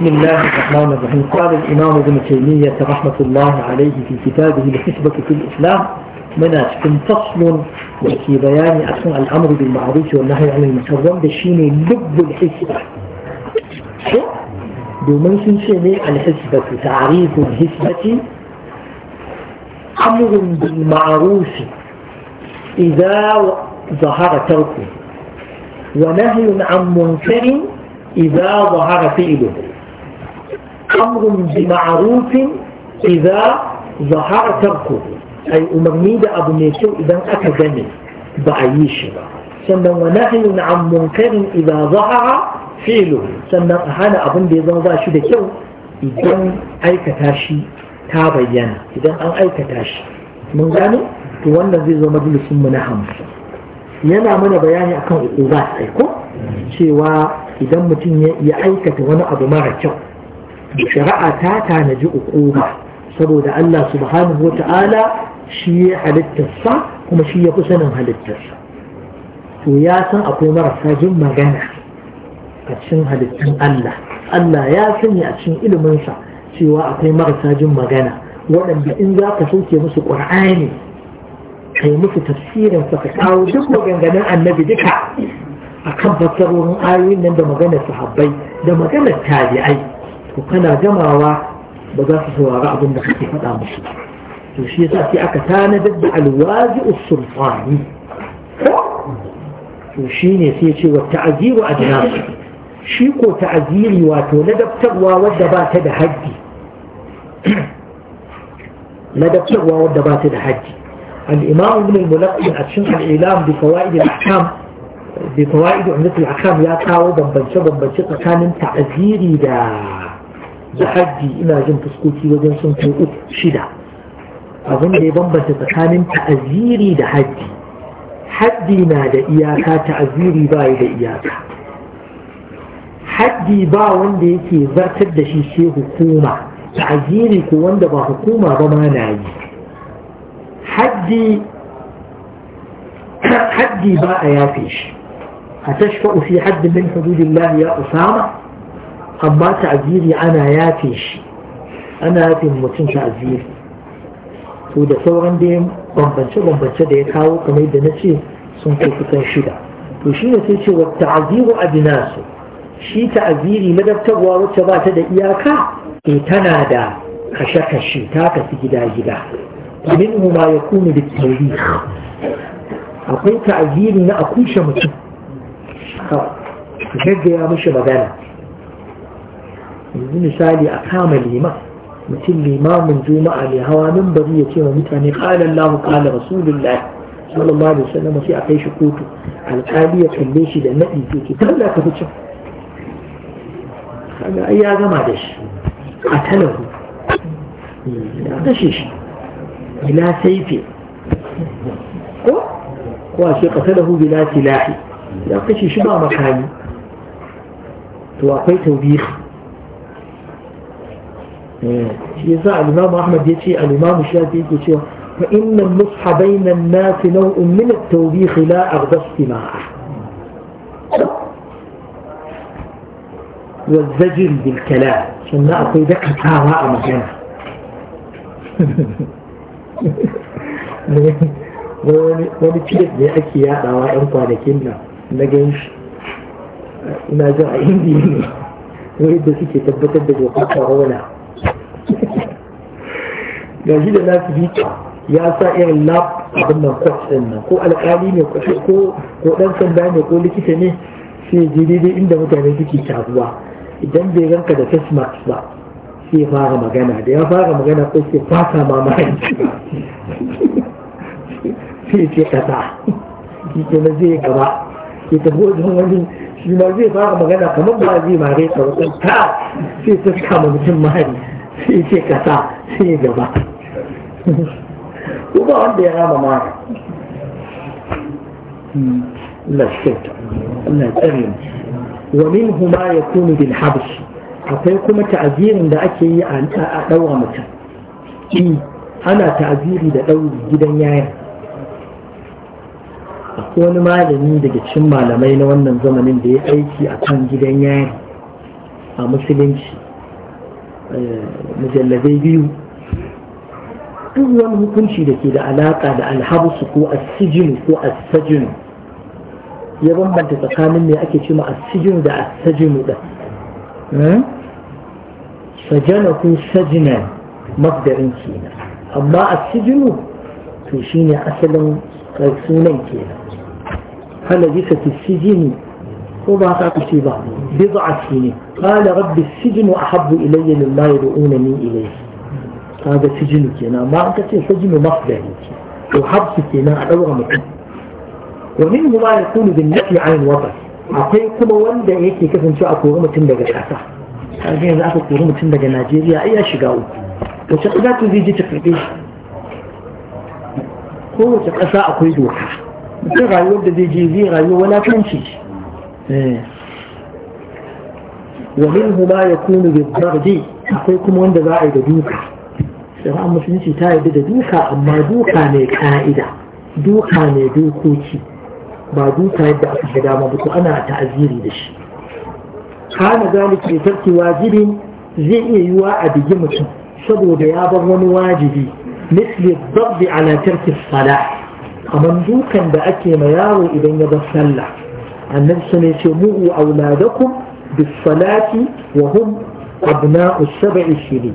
بسم الله الرحمن الرحيم قال الإمام ابن تيمية رحمة الله عليه في كتابه الحسبة في الإسلام مناسك فصل وفي بيان أصل الأمر بالمعروف والنهي عن المنكر بشين لب الحسبة دومن سنسيني الحسبة تعريف الحسبة أمر بالمعروف إذا ظهر تركه ونهي عن منكر إذا ظهر فعله أمر بمعروف إذا ظهر تركه أي أمرني دا أبو ميسو إذا أكدني بعيش سنة ونهي عن منكر إذا ظهر فعله سنة هنا أبو ميسو ذا شو دكيو إذا أي كتاشي تابينا إذا أن أي كتاشي من غاني توانا زيزو مجلس من همس yana mana bayani akan uqubat ai ko cewa idan mutum ya aikata wani abu mara kyau shari'a ta tanaji uquba saboda Allah subhanahu ta'ala shi ya halittarsa kuma shi ya fi sanin halittarsa to ya san akwai marasa jin magana a cikin halittun Allah Allah ya sanya a cikin iliminsa cewa akwai marasa jin magana waɗanda in za ka sauke musu ƙur'ani kai musu tafsirin ka kawo duk maganganun annabi duka a kan fassarorin ayoyin nan da maganar sahabbai da maganar tabi'ai to kana gamawa ba za su saurari abin da kake faɗa musu to shi yasa sai aka tanadar da alwazi usulfani to shi ne sai ce wa ta'aziru ajnasu shi ko ta'aziri wato ladabtarwa wadda ba ta da haddi ladabtarwa wadda ba ta da haddi al-imam ibn al-mulaqqin a cikin al-ilam bi fawaid al-ahkam bi fawaid umdat al-ahkam ya kawo bambance bambance tsakanin ta'aziri da da ina jin fuskoki wajen sun kai uku shida abin da ya bambanta tsakanin ta'aziri da haji haji na da iyaka ta'aziri ba da iyaka haji ba wanda yake zartar da shi sai hukuma ta'aziri ko wanda ba hukuma ba ma na yi haji ba a yafe shi a tashfa'u fi haddin min hududillah ya usama amma ta'ziri ana yafe shi ana yafe mutum ta'ziri to da sauran dai bambance-bambance da ya kawo kamar da na ce sun kai kusan shida to shi ne sai ce wa ta'aziru abinasu shi ta'aziri ladabtarwa wacce ba ta da iyaka ke eh, tana da kashe-kashe ta kasi gida-gida minhu ma ya kuna da tarih akwai ta'aziri na a kushe mutum ka gaggaya mishi magana yanzu misali a kama liman mutum limamin juma'a mai hawa nan bari ya ce wa mutane kala Allah kala rasulullah sallallahu alaihi wasallam sai a kai shi kotu alƙali ya kalle shi da nadi ke ke dalla ka fice kaga ai ya gama da shi a talahu ya kashe shi ila saife ko ko a ce qatalahu bila silahi ya kashe shi ba makami to akwai tawbihi يزع الإمام أحمد يتي الإمام الشافعي يتي فإن المصح بين الناس نوع من التوبيخ لا أغضى اجتماعا والزجل بالكلام شنا أطيبك كهواء مجانا wani cire da ya ake yadawa yan kwanakin nan na ganshi ina za a indiya ne wani da suke yanzu da nasu ya sa irin lab abin nan kwatsin nan ko alkali ne ko ɗan sanda ne ko likita ne sai je daidai inda mutane suke taruwa idan bai ranka da face mask ba sai fara magana da ya fara magana ko sai fata ma mahaifi sai ce kasa shi ke na zai gaba ke tafi wajen wani shi ma zai fara magana kamar ba zai mare ta wata ta sai ta kama mutum mahari sai ce ka sa sai gaba ko ba wanda ya rama ma Allah shi kyauta Allah ya tsare wa bil habs akwai kuma ta'azirin da ake yi a ɗaura mutum ana ta'aziri da dauri gidan yayin akwai wani malami daga cikin malamai na wannan zamanin da ya aiki a kan gidan yayin a musulunci mujalladai biyu duk wani hukunci da ke da alaƙa da alhabsu ko asijinu ko Sajinu ya bambanta tsakanin me ake ce ma Sijinu da Sajinu da hmm? sajana ko sajina mafdarin kenan amma Sijinu to ne asalin sunan kenan halabi ka fi sijini ko ba haka ce ba بضع سنين قال رب السجن أحب إلي مما يدعونني إليه هذا سجنك أنا ما أنت سجن مخبئك وحبسك أنا أدور مكان ومن ما يكون بالنفي عن الوضع أقول كما وندى إيكي كيف أنت أقول رمت لك شاسع أقول إذا أقول رمت لك ناجيريا أي أشقاو وشقلات ذي جيتك لديه هو يدوح أقول دوحا ولكن غير ولا تنشي إيه ومنه ما يكون بالضرب أقولكم وين ذا عيد دوكا شو أم مش نسي تايد ذا دوكا أما دوكا نكائدة دوكا ندوكوتي ما دوكا يبدأ في الجدامة بكو أنا تعزيري دش كان ذلك لترك واجب زي يواء بجمت شبو ديابا ونواجبي مثل الضرب على ترك الصلاة أما دوكا بأكي ميارو إذن يبصلح أن نفسني سموه أولادكم بالصلاة وهم أبناء السبع سنين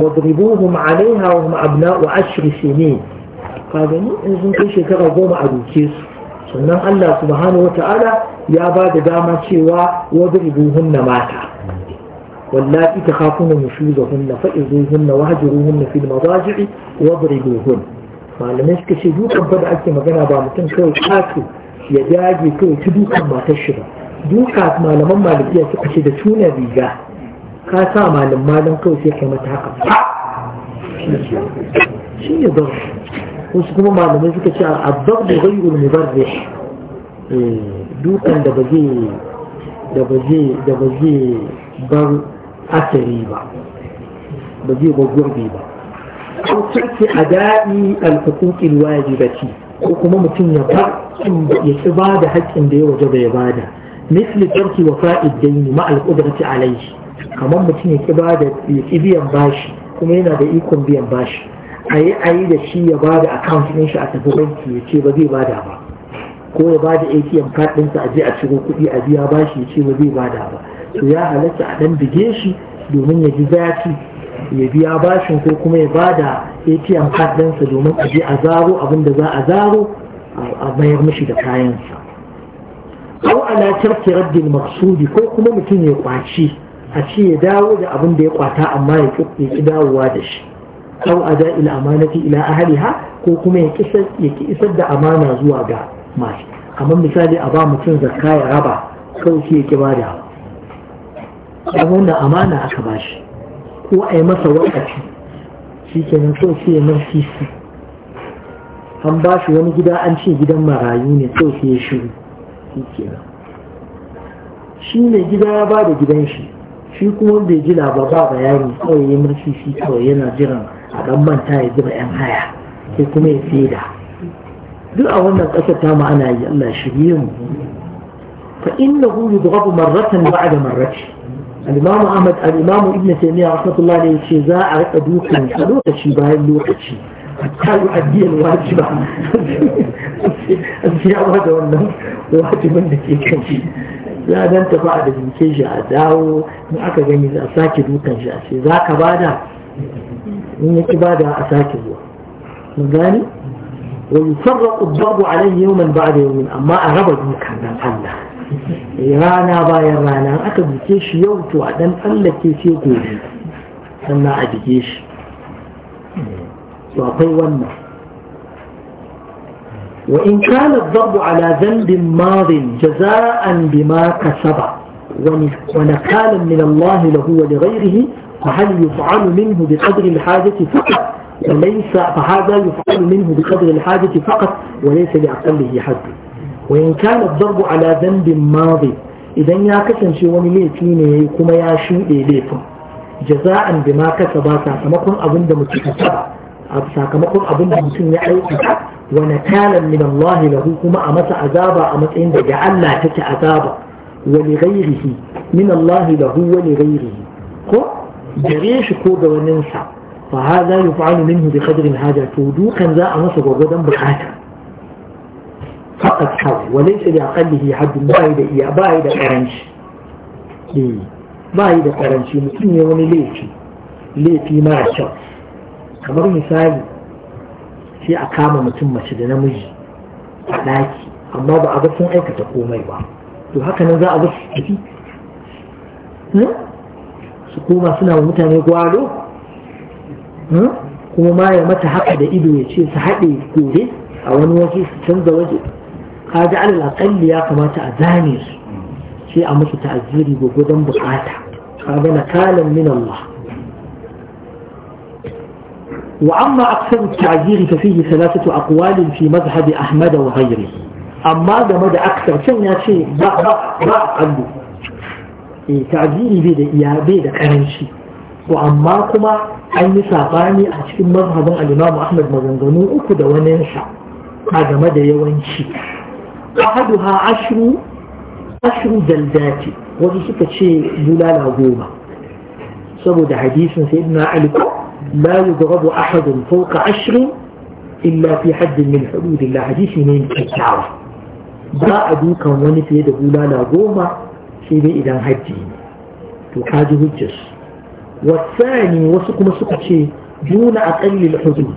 واضربوهم عليها وهم أبناء عشر سنين قال لي إنزم كيش يتغربوا مع الوكيس سنن الله سبحانه وتعالى يا باد داما سوا واضربوهن ماتا واللاتي تخافون نشوزهن فإذوهن وهجروهن في المضاجع واضربوهن قال ما لم يسكسدوك بدأت مغنى بامتن كو كاكو يداجي كو تدوك ما تشرب duka malaman malikiya suka ce da tuna riga ka sa malin malin kawai sai kai mata haka shi ne don wasu kuma malamai suka ce a abdar da ghairul mubarrih eh, da ba zai da ba zai da ba zai bar asiri ba ba zai bar gurbi ba ko sarki a daɗi alfukukin wajibati ko kuma mutum ya bar ya ci ba da haƙƙin da ya waje bai ba da. مثل ترك وفاء الدين مع القدرة عليه kamar mutum ya kiba biyan bashi kuma yana da ikon biyan bashi a ayi da shi ya ba da account ɗin shi a tafi banki ya ce ba zai bada ba ko ya ba da atm card ɗinsa a je a ciro kuɗi a biya bashi ya ce ba zai bada ba to ya halatta a ɗan bige shi domin ya ji zafi ya biya bashin ko kuma ya ba da atm card ɗinsa domin a je a zaro abin da za a zaro a mayar mishi da kayansa au alatar tiraddin maksudi ko kuma mutum ya kwaci a ce ya dawo da abin da ya kwata amma ya ƙi dawowa da shi au aja ila amanati ila ahliha ko kuma ya kisar ya kisar da amana zuwa ga masu amma misali a ba mutum zakka ya raba kawai shi ya ki ba da wannan amana aka ba shi ko a yi masa wakaci shi ke nan kawai shi ya mafi an ba wani gida an ce gidan marayu ne kawai sai ya shiru shi kenan shi mai gida ya ba da gidan shi shi kuma bai gina ba ba bayani kawai ya mulki shi kawai yana jiran a ɗan manta ya zuba yan haya sai kuma ya saida duk a wannan ƙasar ta ma'ana yi Allah shirye mu fa innahu yudghabu marratan ba'da marrati al-imam Ahmad al-imam Ibn Taymiyyah rahmatullahi alayhi ce za a rika dukan lokaci bayan lokaci كان يؤديها الواجبة الزيارات والنوم واجبا لكي كنشي لا دانت بعد من كي جاء داو معك جميل أساكد وكان جاسي ذاك بعد من كبادة أساكد مجاني ويفرق الضرب عليه يوما بعد يوم أما أغبض مكان دان فلا إيرانا باي إيرانا أكد كيش يوتو دان فلا كيش يوتو دان ما أدكيش تعطي ونه وإن كان الضرب على ذنب ماض جزاء بما كسب ونكالا من الله له ولغيره فهل يفعل منه بقدر الحاجة فقط وليس فهذا يفعل منه بقدر الحاجة فقط وليس لأقله حد وإن كان الضرب على ذنب ماض إذا يا كسن شو وني ليفي يا شو ya جزاء بما jaza'an bima أظن sakamakon abin sakamakon abin da mutum ya aikata wa nakalan min Allah lahu kuma a masa azaba a matsayin daga Allah take azaba wa li ghairihi min Allah lahu wa li ghairihi ko gare shi ko ga wanin sa fa hadha yuf'alu minhu bi qadri hada to dukan za a masa gwagwadon bukata faqat hawa wa laysa li aqallihi hadd ba'i da iya ba'i da karanci eh ba'i da karanci mutum ne wani laifi laifi mara kyau kamar misali sai a kama mutum mace da namiji a ɗaki amma ba a ga sun aikata komai ba to haka nan za a ga su tafi hmm? su koma suna wa mutane gwado hmm? kuma ma ya mata haka da ido ya ce su haɗe gobe a wani waje su canza waje ji alal akalli ya kamata a zane su sai a musu ta'aziri gwagwadon bukata gana kalan min Allah وأما أقسم التعذير ففيه ثلاثة أقوال في مذهب أحمد وغيره أما ده مدى أكثر كم يأتي باع باع باع عنده إيه تعذيري بيدا يا بيدا كرنشي وأما كما أي ساقاني أشكل مذهب الإمام أحمد مزنغنو أكد وننسى هذا مدى يوانشي أحدها عشر عشر جلدات وفي سكة شيء جلالة قومة سبب حديث سيدنا علي لا يضرب أحد فوق عشر إلا في حد من حدود الله حديث من كتاب باء دوكا واني في يد أولا لا قوما في ذي إذا هجين تحاج هجس والثاني وسكما سكتي دون أقل الحدود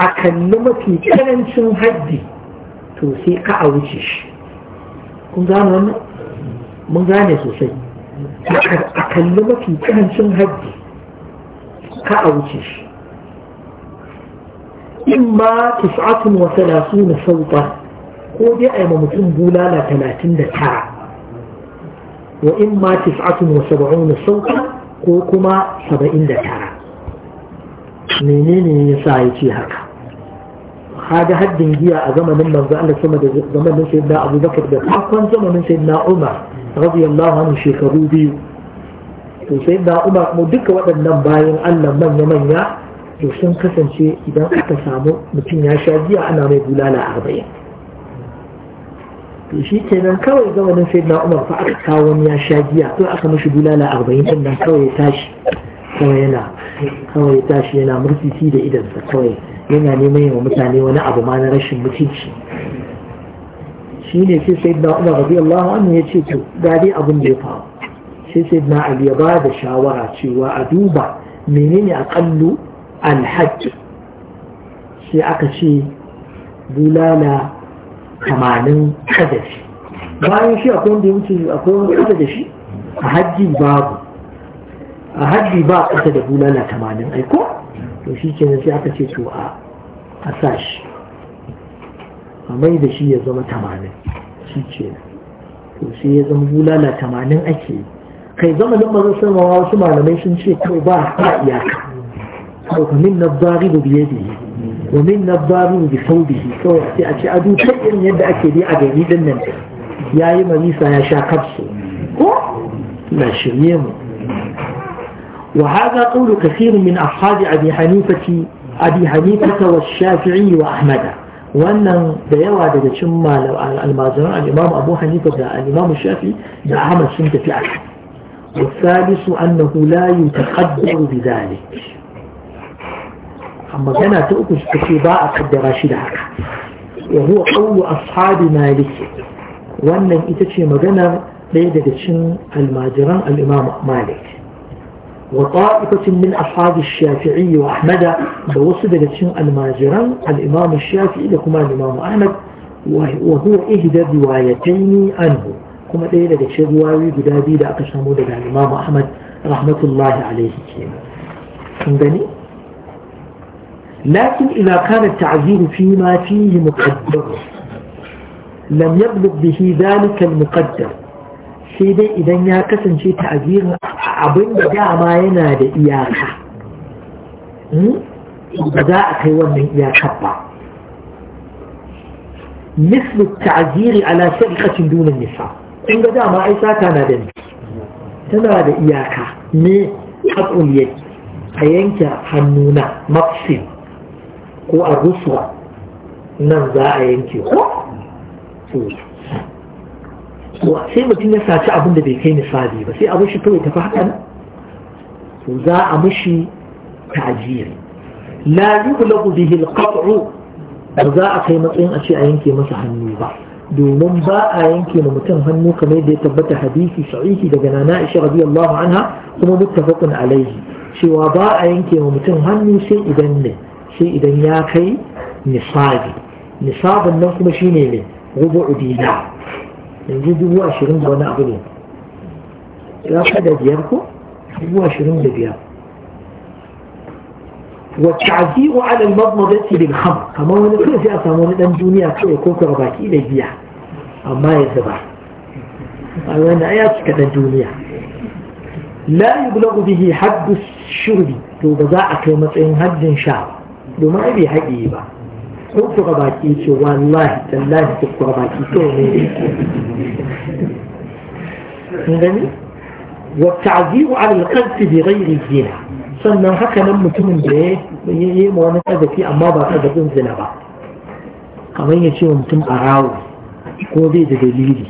أكلمة كان شو هدي توسي قعوشش كم زانوا من زاني سوسي أكلمة كان شو هدي ka a wuce shi in ma tis'atun wa salasuna sauta ko dai a yi ma mutum bulala talatin da tara wa in ma tis'atun wa saba'una sauta ko kuma saba'in da tara menene ya sa ya ce haka kaga haddin giya a zamanin manzo Allah sama da zamanin sayyidina Abu Bakar da farkon zamanin sayyidina Umar radiyallahu anhu shekaru biyu to sai da umar mu duka waɗannan bayan allah manya-manya to sun kasance idan aka samu mutum ya sha jiya ana mai bulala arba'in to shi kenan kawai zamanin sai da umar fa aka kawo wani ya sha jiya to aka mashi bulala arba'in din nan kawai tashi kawai yana kawai tashi yana murtisi da idansa kawai yana neman yawa mutane wani abu ma na rashin mutunci shi ne sai sai da umar radiyallahu anhu ya ce to ga dai abin da ya faru sai sai na ali ya ba da shawara cewa a duba menene a kallo alhaji? sai aka ce bulala kamanin kadashi bayan shi akwai wanda ya wuce akwai wani kada da shi a hajji babu a hajji ba kasa da bulala tamanin aiko to shi kenan sai aka ce to a sa shi a mai da shi ya zama tamanin shi kenan to sai ya zama bulala tamanin ake yi kai zama zamanin mazan sun sama wasu malamai sun ce kai ba a iyaka kawai ka min nabbari da biye biye wa min nabbari da sau biye kawai sai a ce a dukkan irin yadda ake bi a gari din nan ya yi marisa ya sha kafsu ko na shirye mu wa kasiru min وهذا قول كثير من أصحاب wa حنيفة أبي حنيفة والشافعي وأحمد وأن ديوا دجا شما المازنون الإمام أبو حنيفة الإمام الشافعي ده أحمد سنة في أحمد والثالث أنه لا يتقدر بذلك أما كان تؤكد استخباء قد راشد وهو قول أصحاب مالك وأن إتشي مدنى بيدك شن الماجران الإمام مالك وطائفة من أصحاب الشافعي وأحمد بوصدة شن الماجران الإمام الشافعي لكما الإمام أحمد وهو إهدى روايتين عنه kuma ɗaya daga cikin ruwayoyi guda biyu da aka samu daga Imam Ahmad rahmatullahi alaihi kenan kun gani lakin لكن إذا ta'zir fi ma fihi muqaddar lam يبلغ bihi ذلك المقدر sai dai idan ya kasance ta'zir abin da dama yana da iyaka ba za a kai wannan iyakar ba mislu ta'aziri ala sadiqatin dunan nisa in ga dama ai sata na da tana da iyaka ne a yake a yanke hannuna mafi ko a rusuwa nan za a yanke ko sai mutum ya saci abin da bai kai misali ba sai abin shi kawai tafi hakan to za a mishi tajiri la yughlaqu bihi al-qat'u ba za a kai matsayin a ce a yanke masa hannu ba domin ba a yanke ma mutum hannu kamar da ya tabbata hadisi sahihi daga nana Aisha radiyallahu anha kuma muttafaqun alaihi cewa ba a yanke ma mutum hannu sai idan ne sai idan ya kai nisabi nisabin nan kuma shine ne rubu'u dina yanzu dubu ashirin da wani abu ne ya kada biyar ko dubu ashirin da biyar والتعزيء على المضمضة بالخمر كما هو نقول في أسامون الأم دنيا كوي كوكرة باكي إلى بيها أما يتبع وأنا أياس كذا الدنيا لا يبلغ به حد الشرب لو بزاعة كلمة إن حد شاء لو ما يبي حد يبا قلت رباكيت والله تلاه تبقى رباكيت ومين والتعذير على القلب بغير الزنا صنع هكا نمو تمن بيه يمو أنا كذا في أما بقى كذا تنزل بقى كمان يتشي ومتم أراوي ko bai da dalili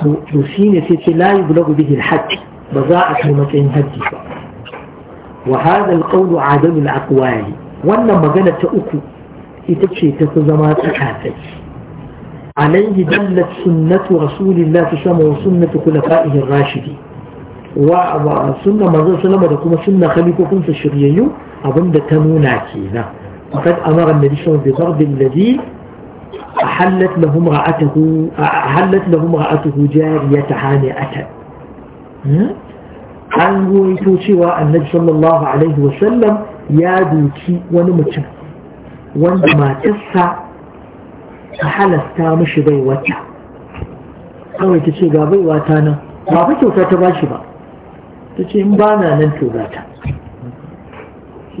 to shi ne sai ce layi bulagu bihi hajji ba za a kai matsayin hajji ba wa hada alqawlu adamul aqwali wannan magana ta uku ita ce ta fi zama tsakatsaki alaihi dallat sunnatu rasulillahi sallallahu alaihi sunnatu khulafa'ihi ar-rashidin wa sunna manzon sallama da kuma sunna khalifofinsa shiryayyu Abinda ta nuna kenan فقد أمر النبي صلى الله عليه وسلم بضرب الذي أحلت له امرأته أحلت له امرأته جارية هانئة an ruwaito cewa annabi sallallahu alaihi wa sallam ya duki wani mutum wanda matarsa ta halasta mishi bai wata kawai ta ce ga baiwa ta nan ba fa kyauta ta bashi ba ta ce in ba na nan to ta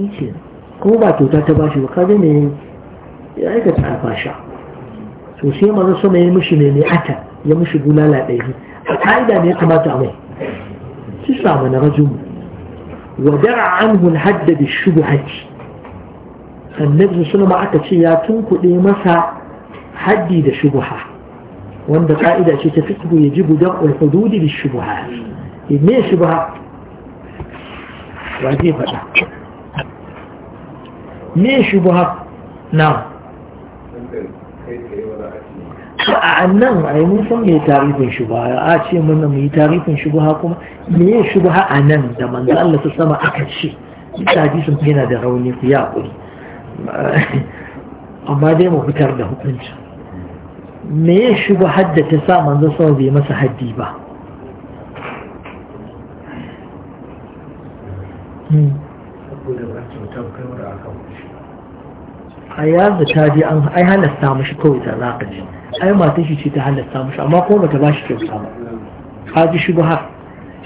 shi ce kuma ba kyauta ta bashi ba kaga ne ya aikata alfasha to sai maza sama ya mishi ne ne ata ya mishi bulala ɗari a ka'ida ne ya kamata a mai su samu na rajulu wa dara anhu alhadda bi shubhati annabi sallama aka ce ya tunkuɗe masa haddi da shubha wanda ka'ida ce ta fiqhu yajibu dar'ul hududi bi shubha me shubha wa zai faɗa me shubha na a nan a yi mun san mai tarifin shubha a ce mana yi tarifin shubha kuma me shubha a nan da manzo Allah ta sama aka ce sun fi yana da rauni ku ya kuri amma dai mu fitar da hukuncin me ya shigo da ta sa manzo sama bai masa haddi ba hmm. saboda ba kyautar kaiwar akan a ya zata je an ai halasta mashi kawai ta zaka ji ai matan shi ce ta halasta mashi amma ko bata bashi kyauta ba ka ji shi har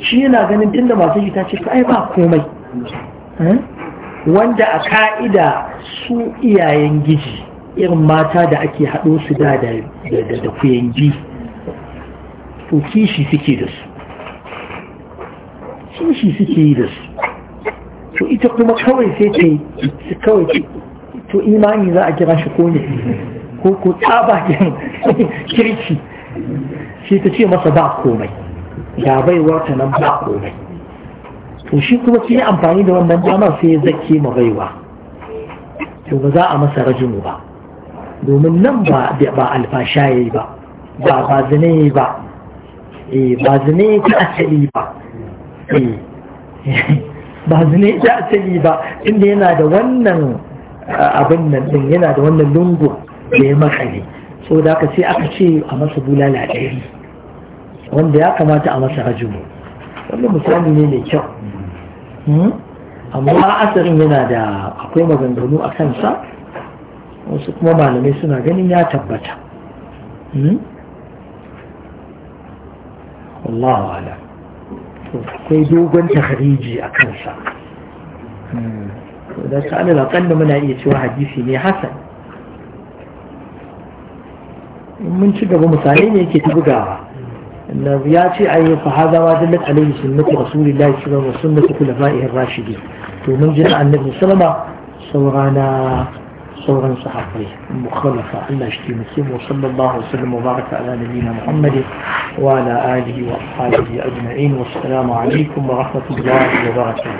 shi yana ganin tunda matan shi ta ce ai ba komai eh? wanda a ka'ida su iyayen giji irin mata da ake haɗo su da da kuyangi to kishi suke da su kishi suke yi da su to ita kuma kawai sai ta yi to imani za a kira shi ko ne ko ko tsaba kirki shi ta ce masa ba komai ya bai wata nan ba komai to shi kuma sai amfani da wannan damar sai ya zake ma baiwa to ba za a masa rajinu ba domin nan ba ba alfasha yayi ba ba ba yayi ba eh ba zine ta asali ba eh ba zine ta asali ba inda yana da wannan abin nan din yana da wannan lungu da ya makale so da aka sai aka ce a masa bulala ɗari wanda ya kamata a masa rajumu wannan misali ne mai kyau hmm? amma asarin yana da akwai maganganu a kansa wasu kuma malamai suna ganin ya tabbata hmm? Allah ala akwai dogon tahariji a kansa hmm. da ka alal aƙalla muna iya cewa hadisi ne hasan mun ci gaba misalai ne yake ta bugawa annabi ya ce ayi fa hada wa dallat alaihi sunnatu rasulillahi sallallahu alaihi wasallam sunnatu khulafa'ir rashidin to mun jira annabi sallama saurana sauran sahabbai mukhalafa Allah shi taimake mu sallallahu alaihi wasallam wa baraka ala nabiyina Muhammad wa ala alihi wa ashabihi ajma'in wa assalamu alaikum wa rahmatullahi wa barakatuh